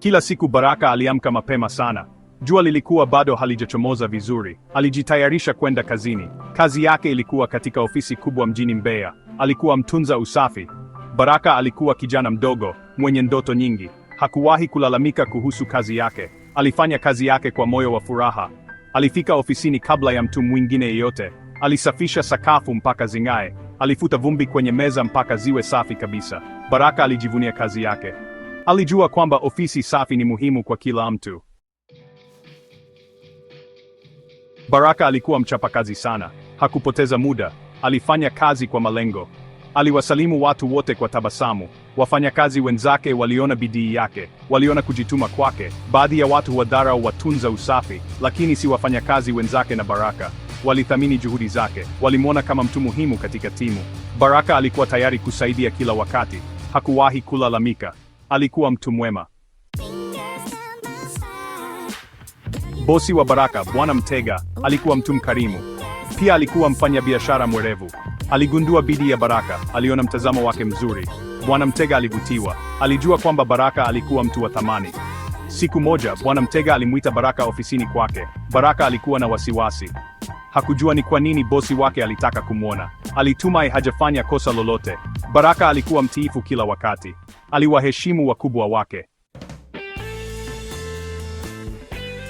Kila siku Baraka aliamka mapema sana. Jua lilikuwa bado halijachomoza vizuri. Alijitayarisha kwenda kazini. Kazi yake ilikuwa katika ofisi kubwa mjini Mbeya. Alikuwa mtunza usafi. Baraka alikuwa kijana mdogo mwenye ndoto nyingi. Hakuwahi kulalamika kuhusu kazi yake. Alifanya kazi yake kwa moyo wa furaha. Alifika ofisini kabla ya mtu mwingine yeyote. Alisafisha sakafu mpaka zing'ae. Alifuta vumbi kwenye meza mpaka ziwe safi kabisa. Baraka alijivunia kazi yake. Alijua kwamba ofisi safi ni muhimu kwa kila mtu. Baraka alikuwa mchapakazi sana, hakupoteza muda, alifanya kazi kwa malengo. Aliwasalimu watu wote kwa tabasamu. Wafanyakazi wenzake waliona bidii yake, waliona kujituma kwake. Baadhi ya watu wadharau watunza usafi, lakini si wafanyakazi wenzake na Baraka. Walithamini juhudi zake, walimwona kama mtu muhimu katika timu. Baraka alikuwa tayari kusaidia kila wakati, hakuwahi kulalamika alikuwa mtu mwema. Bosi wa Baraka, Bwana Mtega, alikuwa mtu mkarimu. Pia alikuwa mfanyabiashara mwerevu. Aligundua bidii ya Baraka, aliona mtazamo wake mzuri. Bwana Mtega alivutiwa, alijua kwamba Baraka alikuwa mtu wa thamani. Siku moja, Bwana Mtega alimwita Baraka ofisini kwake. Baraka alikuwa na wasiwasi, hakujua ni kwa nini bosi wake alitaka kumwona alitumai hajafanya kosa lolote. Baraka alikuwa mtiifu kila wakati, aliwaheshimu wakubwa wake.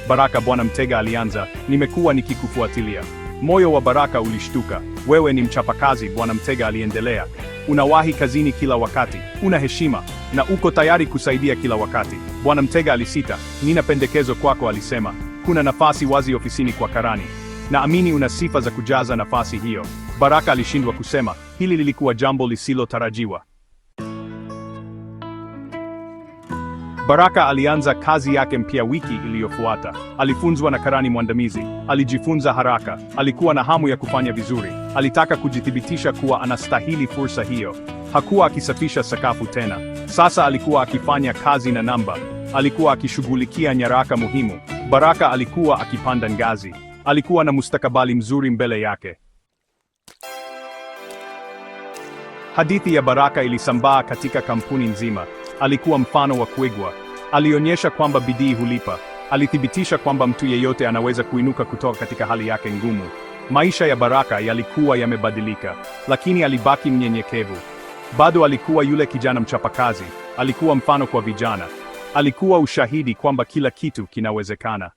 Baraka, Bwana Mtega alianza, nimekuwa nikikufuatilia. Moyo wa Baraka ulishtuka. Wewe ni mchapakazi, Bwana Mtega aliendelea. Unawahi kazini kila wakati, una heshima na uko tayari kusaidia kila wakati. Bwana Mtega alisita. Nina pendekezo kwako, alisema. Kuna nafasi wazi ofisini kwa Karani. Naamini una sifa za kujaza nafasi hiyo. Baraka alishindwa kusema. Hili lilikuwa jambo lisilotarajiwa. Baraka alianza kazi yake mpya wiki iliyofuata. Alifunzwa na karani mwandamizi. Alijifunza haraka. Alikuwa na hamu ya kufanya vizuri. Alitaka kujithibitisha kuwa anastahili fursa hiyo. Hakuwa akisafisha sakafu tena. Sasa alikuwa akifanya kazi na namba. Alikuwa akishughulikia nyaraka muhimu. Baraka alikuwa akipanda ngazi. Alikuwa na mustakabali mzuri mbele yake. Hadithi ya Baraka ilisambaa katika kampuni nzima. Alikuwa mfano wa kuigwa. Alionyesha kwamba bidii hulipa. Alithibitisha kwamba mtu yeyote anaweza kuinuka kutoka katika hali yake ngumu. Maisha ya Baraka yalikuwa yamebadilika, lakini alibaki mnyenyekevu. Bado alikuwa yule kijana mchapakazi, alikuwa mfano kwa vijana. Alikuwa ushahidi kwamba kila kitu kinawezekana.